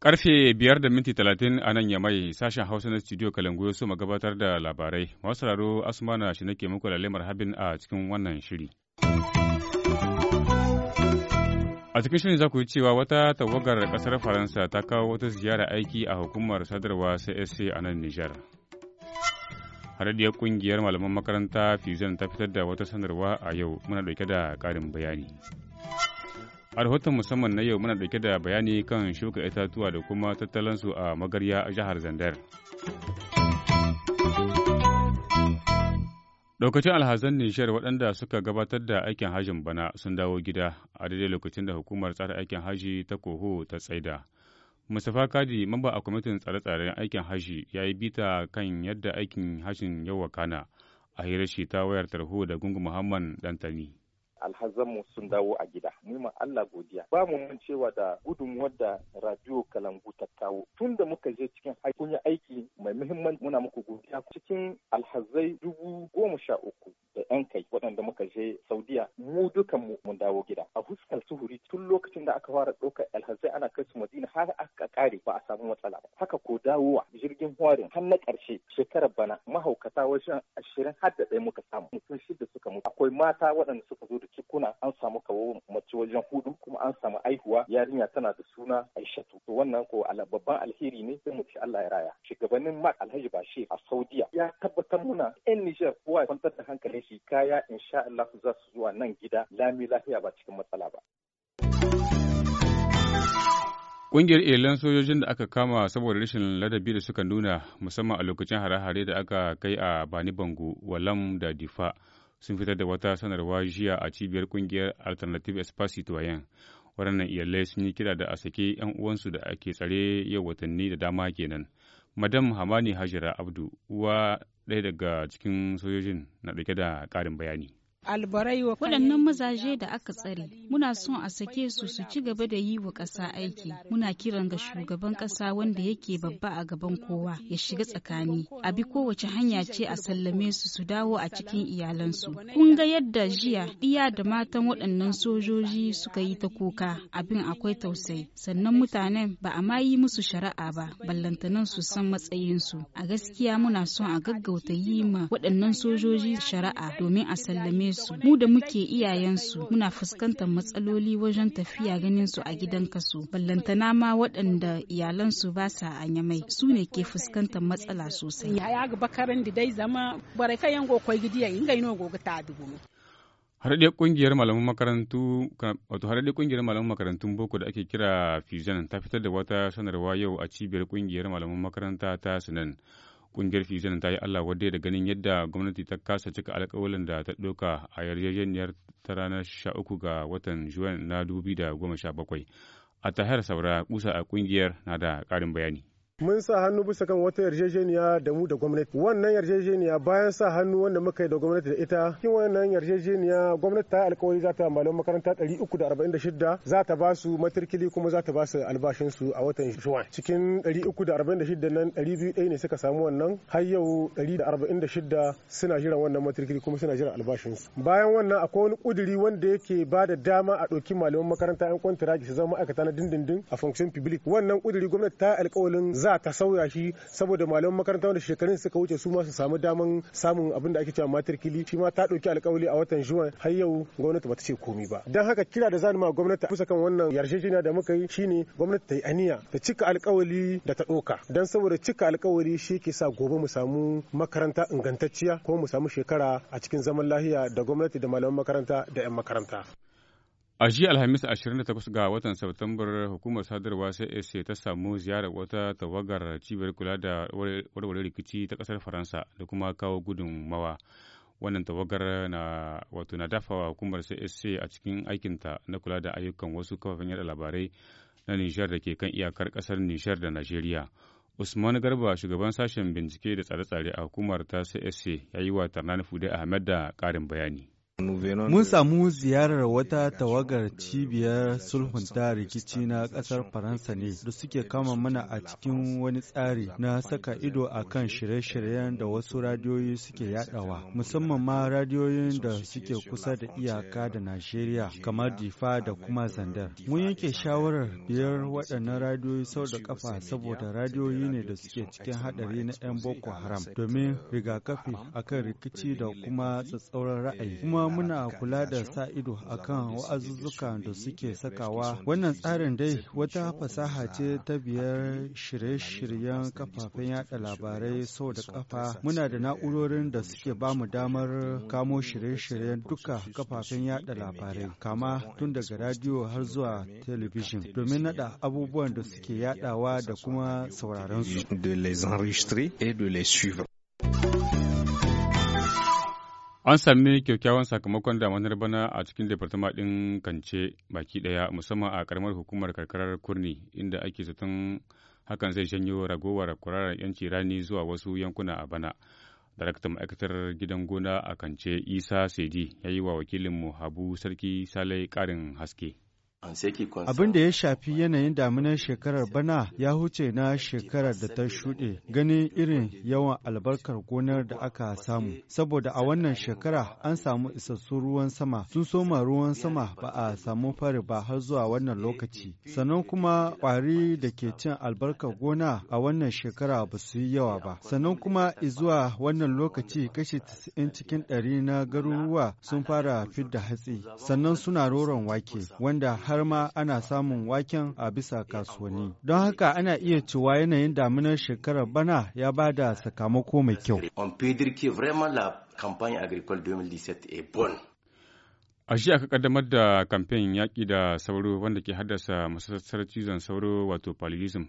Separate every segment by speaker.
Speaker 1: Karfe biyar da minti talatin a nan ya yamai sashen Hausa na studio Kalangu ya so gabatar da labarai. Masu sauraro Asmana shi ke muku lalemar habin a cikin wannan shiri. A cikin shirin za ku yi cewa wata tawagar ƙasar Faransa ta kawo wata ziyara aiki a hukumar sadarwa CSC a nan Nijar. radiyar kungiyar malaman makaranta fizan ta fitar da wata sanarwa a yau muna dauke da karin bayani a rahoton musamman na yau muna dauke da bayani kan shuka itatuwa da kuma tattalansu a magarya a jihar zandar Lokacin alhazan nishiyar waɗanda suka gabatar da aikin hajin bana sun dawo gida a daidai lokacin da hukumar tsara aikin haji ta koho ta tsaida. Mustapha Kadi mamba a kwamitin tsare-tsaren aikin hashi ya yi bita kan yadda aikin hashin yau wakana a hirar shi ta wayar tarho da gungun Muhammad Dantani. alhazanmu sun dawo a gida. Mu Allah
Speaker 2: godiya. Ba mu mun cewa da gudun da radio kalangu ta kawo. Tun da muka je cikin aikin yi aiki mai muhimmanci muna muku godiya. Cikin alhazai dubu goma sha uku da yan kai waɗanda muka je Saudiya mu dukan mu mun dawo gida. A fuskar suhuri tun lokacin da aka fara ɗaukar alhazai ana kai su Madina har kare ba a samu matsala ba haka ko dawowa jirgin hwarin har na karshe shekarar bana mahaukata wajen ashirin har da ɗaya muka samu mutum shida suka mutu akwai mata waɗanda suka zo da cikuna an samu kawo mace wajen hudu kuma an samu aihuwa yarinya tana da suna aishatu to wannan ko babban alheri ne sai mu ci Allah ya raya shugabannin mak alhaji bashi a saudiya ya tabbatar muna yan nijar kowa ya kwantar da hankalin shi kaya insha Allah za su zuwa nan gida lami lafiya ba cikin matsala ba.
Speaker 1: Ƙungiyar iyalan sojojin da aka kama saboda rashin ladabi da suka nuna musamman a lokacin hare-hare da aka kai a Bani Bango, Walam da Difa sun fitar da wata sanarwa jiya a cibiyar ƙungiyar Alternative Espacito Citoyen. Waɗannan iyalai sun yi kira da a sake 'yan uwansu da ake tsare yau watanni da dama kenan. Madam Hamani Hajira Abdu, uwa ɗaya daga cikin sojojin na ɗauke da ƙarin bayani.
Speaker 3: albarai wa waɗannan mazaje da aka tsare muna son a sake su su ci gaba da yi wa ƙasa aiki muna kiran ga shugaban ƙasa wanda yake babba a gaban kowa ya shiga tsakani a bi kowace hanya ce a sallame su su dawo a cikin iyalansu kun ga yadda jiya iya da matan waɗannan sojoji suka yi ta kuka abin akwai tausayi sannan mutanen ba a ma yi musu shari'a ba ballantanan su san matsayinsu a gaskiya muna son a gaggauta yi ma waɗannan sojoji shari'a domin a sallame su mu da muke iyayensu muna fuskantar matsaloli wajen tafiya ganin su a gidan kaso ballantana ma waɗanda iyalansu ba sa a nyamai su ne ke fuskantar matsala sosai
Speaker 1: harɗe ƙungiyar malaman makarantu wato kungiyar malaman makarantun boko da ake kira fusion ta fitar da wata sanarwa yau a cibiyar kungiyar malaman makaranta ta sunan Ƙungiyar fusion ta yi Allah wadda da ganin yadda gwamnati ta kasa cika alkawalin da ta ɗauka a yarjejeniyar ta ranar sha 13 ga watan Juwan na bakwai A tahar saura kusa a ƙungiyar na da ƙarin bayani. mun sa
Speaker 4: hannu bisa kan wata yarjejeniya da mu da gwamnati wannan yarjejeniya bayan sa hannu wanda muka yi da gwamnati da ita cikin wannan yarjejeniya gwamnati ta yi alkawari za ta malam makaranta 346 za ta ba su matrikili kuma za ta ba su albashin su a watan juwan cikin 346 nan 201 ne suka samu wannan har yau 146 suna jiran wannan matrikili kuma suna jiran albashin su bayan wannan akwai wani kuduri wanda yake ba da dama a ɗauki malaman makaranta 'yan kwantiragi su zama ma'aikata na dindindin a function public wannan kuduri gwamnati ta alkawarin za ta sauya shi saboda malaman makaranta wanda shekarun suka wuce su ma su samu daman samun abin da ake cewa matrikili shi ma ta ɗauki alkawali a watan juwan har yau gwamnati bata ce komi ba dan haka kira da zanima gwamnati kusa kan wannan yarjejeniya da muka yi shine gwamnati ta yi aniya ta cika alkawali da ta doka dan saboda cika alkawali shi ke sa gobe mu samu makaranta ingantacciya kuma mu samu shekara a cikin zaman lahiya da gwamnati da malaman makaranta da 'yan makaranta.
Speaker 1: A jiya Alhamis 28 ga watan Satumbar hukumar sadarwa CAC e ta samu ziyarar wata tawagar cibiyar kula da warware rikici ta kasar Faransa da kuma kawo gudunmawa. Wannan tawagar na wato na dafa hukumar CAC e a cikin aikinta na kula da ayyukan wasu kafafen yada labarai na Nijar da ke kan iyakar kasar Nijar da Najeriya. Usman Garba shugaban sashen bincike da tsare-tsare a hukumar ta CAC e, ya yi wa Tarnani Fude Ahmed da ƙarin bayani. Mun
Speaker 2: samu ziyarar wata tawagar cibiyar sulhunta rikici na ƙasar Faransa ne da suke kama mana a cikin wani tsari na saka ido a kan shirye-shiryen da wasu radiyoyi suke yadawa, musamman ma radiyoyin da suke kusa da iyaka da Najeriya kamar Difa da kuma Zandar. Mun yanke shawarar biyar waɗannan radiyoyi sau da kafa saboda radiyoyi ne da suke cikin haɗari na 'yan Boko Haram domin rigakafi akan rikici da kuma tsatsauran ra'ayi. Kuma muna kula da sa ido akan wa'azuzzuka da suke sakawa. Wannan tsarin dai wata fasaha ce ta biyar shirye-shiryen kafafen yada labarai sau da kafa. Muna da na'urorin da suke ba mu damar kamo shirye-shiryen duka kafafen yada labarai, kama tun daga radiyo har zuwa telebijin domin nada abubuwan da suke yadawa da kuma sauraron
Speaker 3: su.
Speaker 1: An sami kyakkyawan sakamakon damanar bana a cikin departama ɗin Kance baki ɗaya musamman a karamar hukumar karkarar Kurni inda ake zaton hakan zai janyo ragowar kwararar 'yanci rani zuwa wasu yankuna a bana. darakta ma'aikatar gidan gona a Kance Isa saidi ya yi wa wakilinmu Habu Sarki Salai ƙarin haske.
Speaker 3: Abin
Speaker 2: da ya shafi yanayin daminar shekarar bana ya huce na shekarar da ta shuɗe ganin irin yawan albarkar gonar da aka samu. Saboda a wannan shekara an samu isassun ruwan sama, sun soma ruwan sama ba a samu fari ba har zuwa wannan lokaci. Sannan kuma ƙwari da ke cin albarkar gona a wannan shekara ba su yi yawa ba. Sannan kuma izuwa wannan lokaci kashi 90 cikin ɗari na garuruwa sun fara fidda hatsi, sannan suna roron wake, wanda har har ma ana samun waken a bisa kasuwanni. Don haka ana iya cewa yanayin damunar shekarar bana ya ba da sakamako mai kyau.
Speaker 1: A shi aka kaddamar da kamfen yaƙi da sauro wanda ke haddasa masassar cizon sauro wato paludism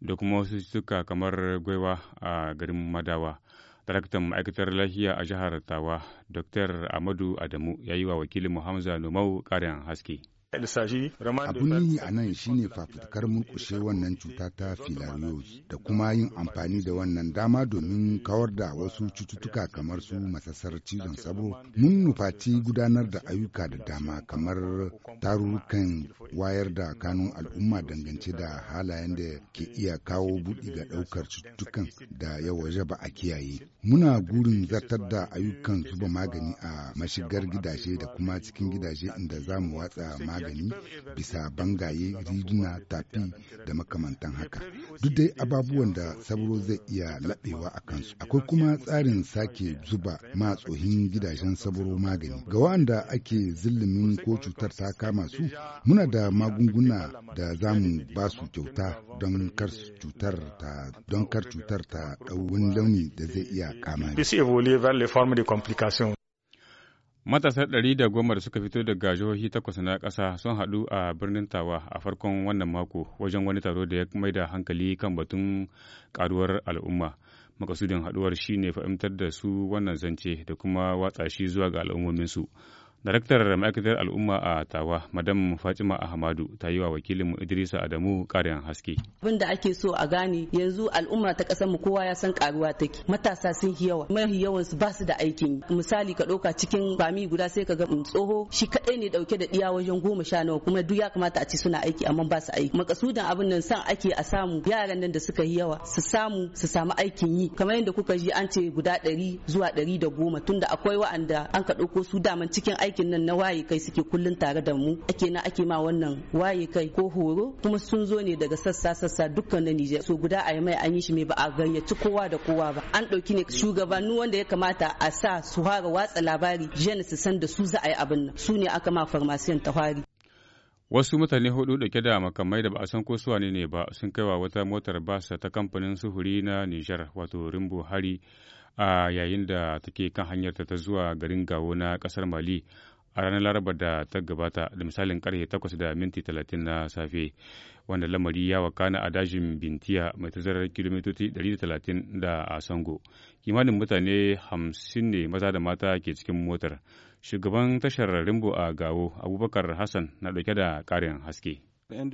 Speaker 1: da kuma wasu cututtuka kamar gwaiwa a garin Madawa. Daraktan ma'aikatar lafiya a jihar Tawa, Dr. Amadu Adamu ya yi wa wakilin muhammadu Nomau ƙarin haske. Abun yi a nan shine fafutukar murkushe wannan cuta ta filarios da kuma yin amfani da wannan dama domin kawar da wasu cututtuka kamar su masasar cizon sabo. Mun nufaci gudanar da ayyuka da dama kamar tarurrukan wayar da kanun al'umma dangance da halayen da ke iya kawo buɗi ga ɗaukar cututtukan da ya waje ba a kiyaye. Muna gurin zartar da ayyukan zuba magani a mashigar gidaje da kuma cikin gidaje inda za mu watsa magani bisa bangaye riduna tafi da makamantan haka duk dai ababuwan da sabro zai iya laɓewa a kansu akwai kuma tsarin sake zuba ma tsohin gidajen sabro magani ga wanda ake zillimin ko cutar ta kama su muna da magunguna da za mu ba su kyauta don kar cutar ta don kar cutar ta wani launi da zai iya kama Matasa ɗari da goma da suka fito daga jihohi takwas na ƙasa sun haɗu a birnin Tawa a farkon wannan mako wajen wani taro da ya mai da hankali kan batun ƙaruwar al'umma. Makasudin haɗuwar shi ne fahimtar da su wannan zance da kuma watsa shi zuwa ga al'ummomin su. Daraktar ma'aikatar al'umma a Tawa, Madam Fatima Ahmadu, ta yi wa wakilinmu Idrisa Adamu ƙarin haske.
Speaker 3: Abin da ake so a gane yanzu al'umma ta ƙasar mu kowa ya san ƙaruwa take. Matasa sun yi yawa, mafi yawan su ba su da aikin. Misali ka ɗauka cikin bami guda sai ka ga tsoho shi kaɗai ne ɗauke da ɗiya wajen goma sha nawa kuma duk ya kamata a ce suna aiki amma ba su aiki. Makasudan abin nan san ake a samu yaran nan da suka yi yawa su samu su samu aikin yi. Kamar yadda kuka ji an ce guda ɗari zuwa ɗari da goma tunda akwai wa'anda an ka ɗauko su daman cikin aiki aikin nan na waye kai suke kullun tare da mu ake na ake ma wannan waye kai ko horo kuma sun zo ne daga sassa sassa dukkan na Nijar so guda a mai an yi shi mai ba a gayyaci kowa da kowa ba an dauki ne shugabannin wanda ya kamata a sa su fara watsa labari jen su san da su za a yi abin nan su ne aka ma farmasiyan tawari
Speaker 1: Wasu mutane hudu dauke da makamai da ba a san ko su ne ba sun kaiwa wata motar basa ta kamfanin suhuri na Nijar wato Rimbo Hari a yayin da take kan hanyarta ta zuwa garin gawo na kasar mali a ranar laraba da ta gabata da misalin karfe 8 da minti 30 na safe wanda lamari ya wakana a dajin bintiya mai tazarar kilomitoci 130 da a sango kimanin mutane 50 ne maza da mata ke cikin motar shugaban tashar rimbo a gawo abubakar hassan na dauke da karin haske
Speaker 2: An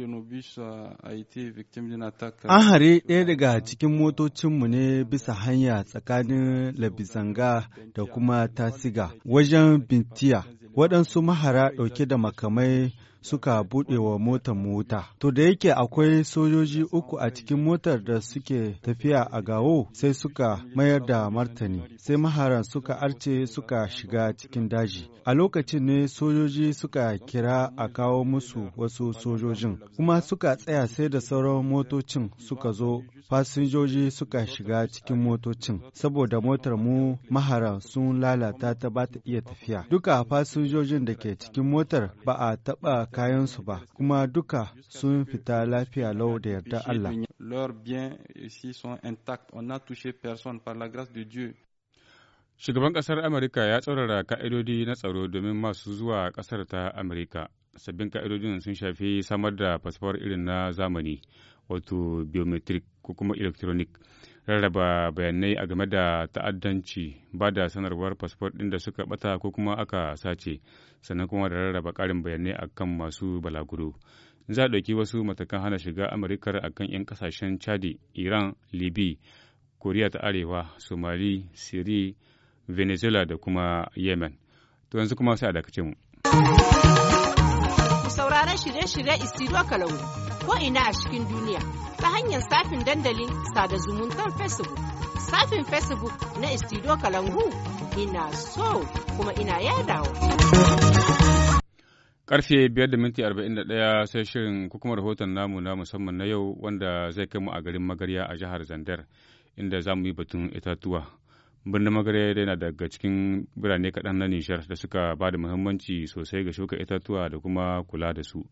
Speaker 2: hare
Speaker 1: euh, ɗaya daga cikin
Speaker 2: motocinmu ne bisa hanya tsakanin Labizanga da kuma Tasiga wajen Bintiya. Waɗansu mahara ɗauke da makamai suka buɗe wa motar mota. To da yake akwai sojoji uku a cikin motar da suke tafiya a gawo sai suka mayar da martani. Sai maharan suka arce suka shiga cikin daji. A lokacin ne sojoji suka kira a kawo musu wasu sojojin. Kuma suka tsaya sai da sauran motocin suka zo fasinjoji suka shiga cikin motocin saboda motar mu mahara sun lalata ta ba ta iya tafiya. Duka fasinjojin da ke cikin motar ba a taɓa kayansu ba, kuma duka sun fita lafiya lau da yarda Allah.
Speaker 1: Shugaban ƙasar Amurka ya tsaurara ka'idodi na tsaro domin masu zuwa ƙasar ta Amurka. Sabbin ka'idodin sun shafi samar da fasfawar irin na zamani, wato biometric ko kuma electronic. rarraba bayanai a game da ta'addanci ba da sanarwar fasfot ɗin da suka ɓata ko kuma aka sace sannan kuma da rarraba ƙarin bayanai a kan masu balaguro za a ɗauki wasu matakan hana shiga amurka a kan 'yan kasashen chadi iran libi koriya ta arewa somali siri venezuela da kuma yemen to yanzu kuma sai a dakace mu
Speaker 3: shirye-shirye isiro ko'ina a cikin duniya ta hanyar safin dandalin sada zumuntar facebook safin facebook na istido kalangu ina so kuma ina yadawa
Speaker 1: karfe 5.41 sai shirin kuma rahoton namu na musamman na yau wanda zai kai mu a garin magarya a jihar zandar inda za mu yi batun itatuwa birnin magarya yana daga cikin birane kaɗan na nishar da suka ba da muhimmanci sosai ga shuka itatuwa da kuma kula da su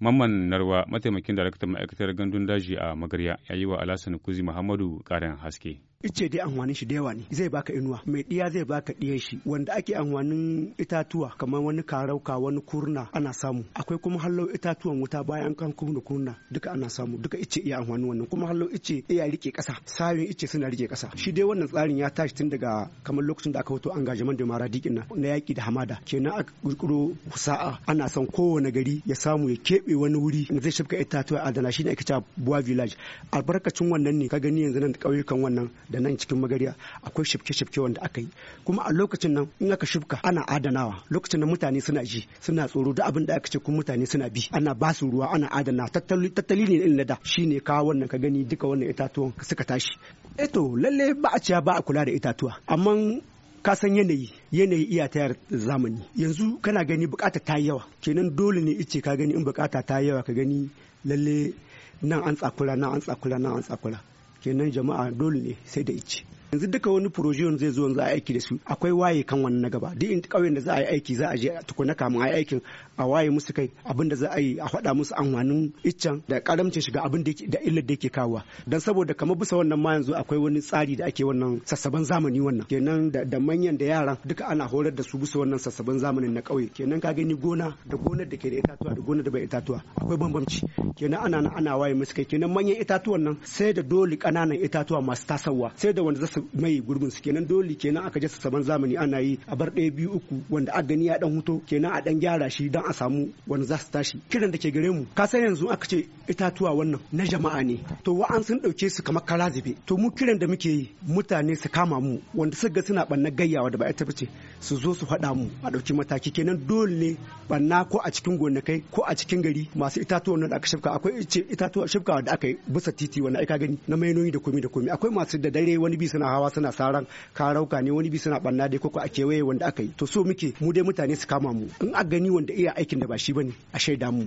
Speaker 1: Mamman Narwa mataimakin daraktan ma'aikatar gandun daji a Magarya ya yi wa Alasan Kuzi Muhammadu ƙarin haske.
Speaker 3: ice dai amfanin shi da yawa ne zai baka inuwa mai diya zai baka diyan shi wanda ake amfanin itatuwa kamar wani karauka wani kurna ana samu akwai kuma hallau itatuwan wuta bayan kan kuma kurna duka ana samu duka ice iya amfanin wannan kuma hallau ice iya rike kasa sayin ice suna rike kasa shi dai wannan tsarin ya tashi tun daga kamar lokacin da aka hoto engagement da mara dikin na. na yaki da hamada kenan aka kirkiro sa'a ana son kowane gari ya samu ya keɓe wani wuri da zai shafka itatuwa adana shine ake cewa village albarkacin wannan ne ka gani yanzu nan ƙauyukan wannan da nan cikin magariya akwai shifke-shifke wanda aka yi kuma a lokacin nan in aka shifka ana adanawa lokacin nan mutane suna ji suna tsoro da abin da aka ce kuma mutane suna bi ana ba su ruwa ana adana tattali ne na da ne kawo wannan ka gani duka wannan itatuwan suka tashi eto eh lalle ba a ciya ba a kula da itatuwa amma ka san yanayi yanayi iya tayar zamani yanzu kana gani bukata ta yawa kenan dole ne ice ka gani in bukata ta yawa ka gani lalle nan an tsakura nan an tsakura nan an tsakura kenan jama'a dole ne sai da ice yanzu duka wani proje zai zo yanzu a aiki da su akwai waye kan wani na gaba duk in kauyen da za a yi aiki za a je tukuna kamun a yi aikin a waye musu kai abin da za a yi a faɗa musu amfanin iccen da karamcin shiga abin da illa da yake kawo dan saboda kamar bisa wannan ma yanzu akwai wani tsari da ake wannan sassaban zamani wannan kenan da manyan da yaran duka ana horar da su bisa wannan sassaban zamanin na kauye kenan ka gani gona da gonar da ke da itatuwa da gonar da bai itatuwa akwai bambamci kenan ana ana waye musu kai kenan manyan itatuwan nan sai da dole kananan itatuwa masu tasawa sai da wanda zasu mai gurbin su kenan dole kenan aka jasa saban zamani ana yi a bar ɗaya biyu uku wanda a gani ya dan huto kenan a dan gyara shi dan a samu wani za su tashi kiran da ke gare mu ka san yanzu aka ce itatuwa wannan na jama'a ne to wa an sun dauke su kamar kara zube to mu kiran da muke yi mutane su kama mu wanda suka ga suna ɓanna gayyawa da ba ita bace su zo su faɗa mu a ɗauki mataki kenan dole ɓanna ko a cikin gonakai ko a cikin gari masu itatuwa da aka shafka akwai itatuwa shafkawa da aka yi bisa titi wani aika gani na mainoyi da komi da komi akwai masu da dare wani bi suna suna hawa suna saran rauka ne wani bi suna banna dai koko a kewaye wanda aka yi to so muke mu dai mutane su kama mu in a gani wanda iya aikin da ba shi bane a shaida mu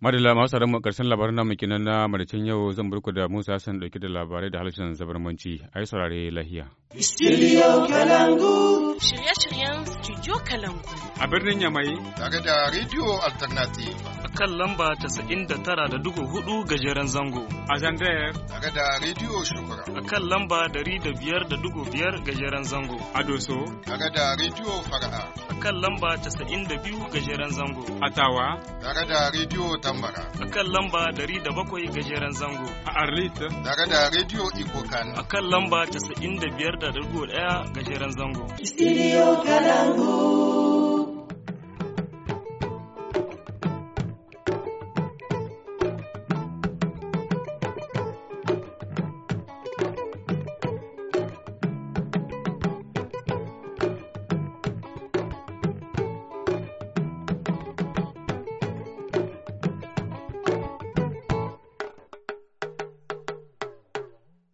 Speaker 1: madalla masu tsaron mu karshen labarin namu kenan na madacin yau zan burku da Musa Hassan dauke da labarai da halshen zabarmanci ai saurare lahiya
Speaker 3: studio kalangu Radio Kalangu.
Speaker 1: A birnin Yamai. Tare da Radio Alternative. A kan lamba tara da dugu hudu gajeren zango. A Zandayar. Tare da Radio Shukura. A kan lamba dari da biyar da dugu biyar gajeren zango. A Doso. Tare da Radio Fara'a. A kan lamba da biyu gajeren zango. A Tawa. Tare da Radio Tambara. A kan lamba dari da bakwai gajeren zango. A Arlita. Tare da Radio Ikokan. A kan lamba da biyar da dugu daya gajeren zango. Studio
Speaker 2: Kalangu. amor.